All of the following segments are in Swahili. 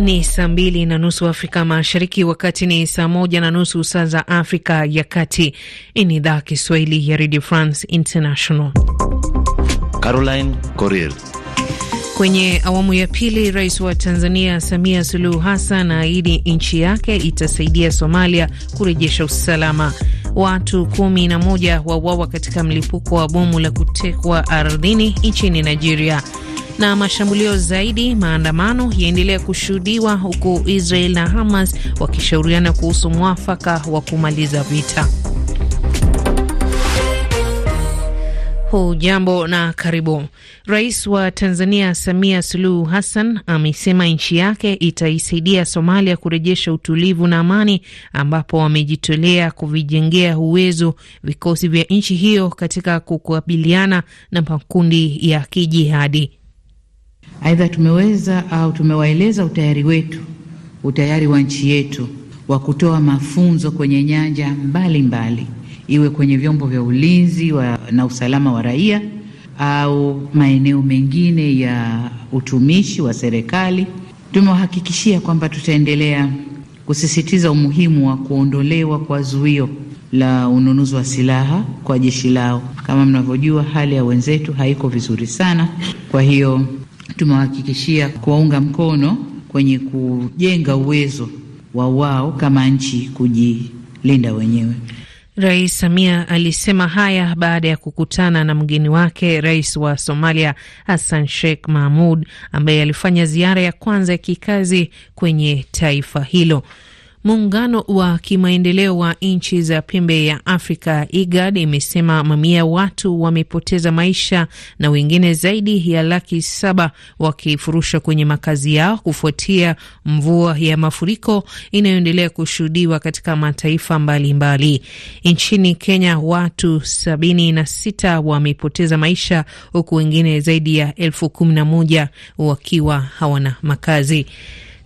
Ni saa mbili na nusu Afrika Mashariki, wakati ni saa moja na nusu saa za Afrika ya Kati. Hii ni idhaa Kiswahili ya Radio France International. Caroline Coril Kwenye awamu ya pili, rais wa Tanzania Samia Suluhu Hassan aahidi nchi yake itasaidia Somalia kurejesha usalama. Watu kumi na moja wauawa katika mlipuko wa bomu la kutekwa ardhini nchini Nigeria na mashambulio zaidi, maandamano yaendelea kushuhudiwa huku Israel na Hamas wakishauriana kuhusu mwafaka wa kumaliza vita. Hujambo na karibu. Rais wa Tanzania Samia Suluhu Hassan amesema nchi yake itaisaidia Somalia kurejesha utulivu na amani, ambapo wamejitolea kuvijengea uwezo vikosi vya nchi hiyo katika kukabiliana na makundi ya kijihadi. Aidha, tumeweza au tumewaeleza utayari wetu, utayari wa nchi yetu wa kutoa mafunzo kwenye nyanja mbalimbali mbali, iwe kwenye vyombo vya ulinzi wa, na usalama wa raia au maeneo mengine ya utumishi wa serikali. Tumewahakikishia kwamba tutaendelea kusisitiza umuhimu wa kuondolewa kwa zuio la ununuzi wa silaha kwa jeshi lao. Kama mnavyojua, hali ya wenzetu haiko vizuri sana, kwa hiyo tumewahakikishia kuwaunga mkono kwenye kujenga uwezo wa wao kama nchi kujilinda wenyewe. Rais Samia alisema haya baada ya kukutana na mgeni wake rais wa Somalia Hassan Sheikh Mahmud ambaye alifanya ziara ya kwanza ya kikazi kwenye taifa hilo. Muungano wa kimaendeleo wa nchi za pembe ya Afrika IGAD imesema mamia watu wamepoteza maisha na wengine zaidi ya laki saba wakifurusha kwenye makazi yao kufuatia mvua ya mafuriko inayoendelea kushuhudiwa katika mataifa mbalimbali mbali. Nchini Kenya watu sabini na sita wamepoteza maisha huku wengine zaidi ya elfu kumi na moja wakiwa hawana makazi.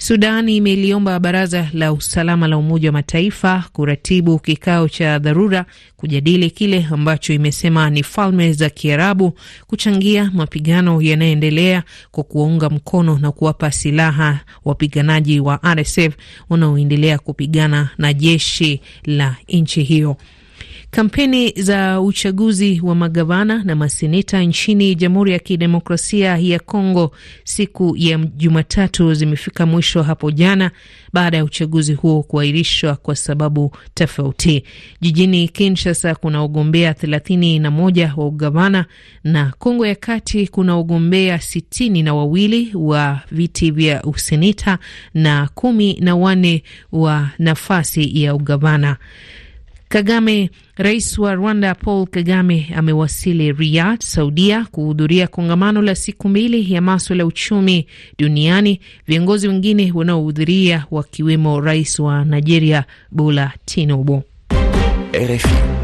Sudan imeliomba baraza la usalama la Umoja wa Mataifa kuratibu kikao cha dharura kujadili kile ambacho imesema ni falme za Kiarabu kuchangia mapigano yanayoendelea kwa kuwaunga mkono na kuwapa silaha wapiganaji wa RSF wanaoendelea kupigana na jeshi la nchi hiyo. Kampeni za uchaguzi wa magavana na masenita nchini Jamhuri ya Kidemokrasia ya Kongo siku ya Jumatatu zimefika mwisho hapo jana baada ya uchaguzi huo kuahirishwa kwa sababu tofauti. Jijini Kinshasa kuna ugombea thelathini na moja wa ugavana na Kongo ya Kati kuna ugombea sitini na wawili wa viti vya usenita na kumi na wane wa nafasi ya ugavana. Kagame. Rais wa Rwanda Paul Kagame amewasili Riyadh, Saudia, kuhudhuria kongamano la siku mbili ya maswala ya uchumi duniani, viongozi wengine wanaohudhuria wakiwemo rais wa Nigeria Bola Tinubu. RFI.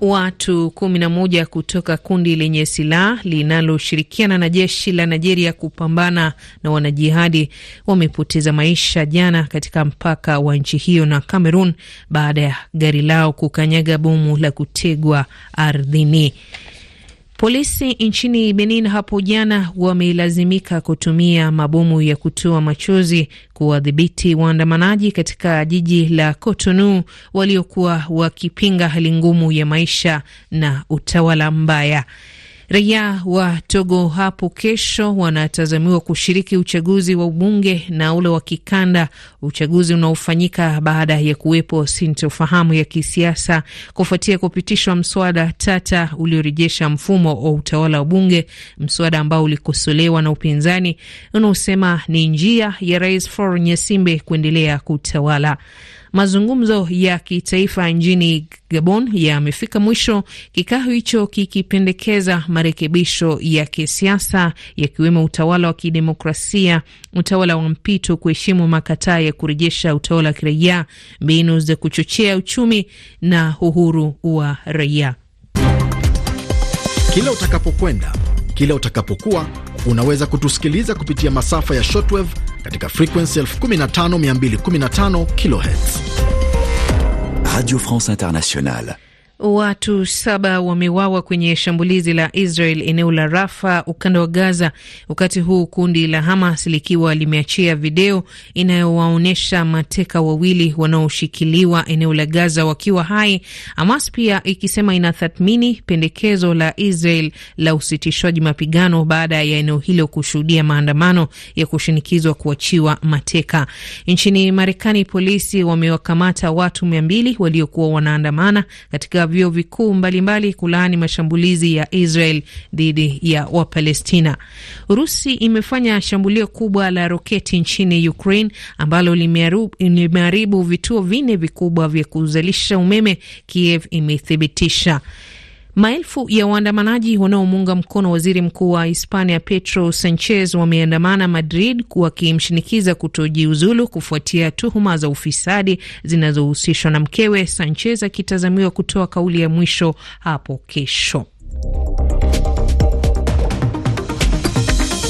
Watu kumi na moja kutoka kundi lenye silaha linaloshirikiana na jeshi la Nigeria kupambana na wanajihadi wamepoteza maisha jana katika mpaka wa nchi hiyo na Cameroon baada ya gari lao kukanyaga bomu la kutegwa ardhini. Polisi nchini Benin hapo jana wamelazimika kutumia mabomu ya kutoa machozi kuwadhibiti waandamanaji katika jiji la Cotonou waliokuwa wakipinga hali ngumu ya maisha na utawala mbaya. Raia wa Togo hapo kesho wanatazamiwa kushiriki uchaguzi wa ubunge na ule wa kikanda, uchaguzi unaofanyika baada ya kuwepo sintofahamu ya kisiasa kufuatia kupitishwa mswada tata uliorejesha mfumo wa utawala wa bunge, mswada ambao ulikosolewa na upinzani unaosema ni njia ya Rais Faure Nyasimbe kuendelea kutawala. Mazungumzo ya kitaifa nchini Gabon yamefika mwisho, kikao hicho kikipendekeza marekebisho ya kisiasa yakiwemo utawala wa kidemokrasia, utawala wa mpito, kuheshimu makataa ya kurejesha utawala wa kiraia, mbinu za kuchochea uchumi na uhuru wa raia. Kila utakapokwenda, kila utakapokuwa, unaweza kutusikiliza kupitia masafa ya shortwave katika frequency 15215 kilohertz. Radio France Internationale. Watu saba wamewawa kwenye shambulizi la Israel eneo la Rafa, ukanda wa Gaza, wakati huu kundi la Hamas likiwa limeachia video inayowaonyesha mateka wawili wanaoshikiliwa eneo la Gaza wakiwa hai. Hamas pia ikisema inathathmini pendekezo la Israel la usitishwaji mapigano baada ya eneo hilo kushuhudia maandamano ya kushinikizwa kuachiwa mateka. Nchini Marekani, polisi wamewakamata watu mia mbili waliokuwa wanaandamana katika kutoka vyuo vikuu mbalimbali kulaani mashambulizi ya Israel dhidi ya Wapalestina. Urusi imefanya shambulio kubwa la roketi nchini Ukraine ambalo limeharibu vituo vinne vikubwa vya kuzalisha umeme, Kiev imethibitisha. Maelfu ya waandamanaji wanaomuunga mkono waziri mkuu wa Hispania Pedro Sanchez wameandamana Madrid wakimshinikiza kutojiuzulu kufuatia tuhuma za ufisadi zinazohusishwa na mkewe, Sanchez akitazamiwa kutoa kauli ya mwisho hapo kesho.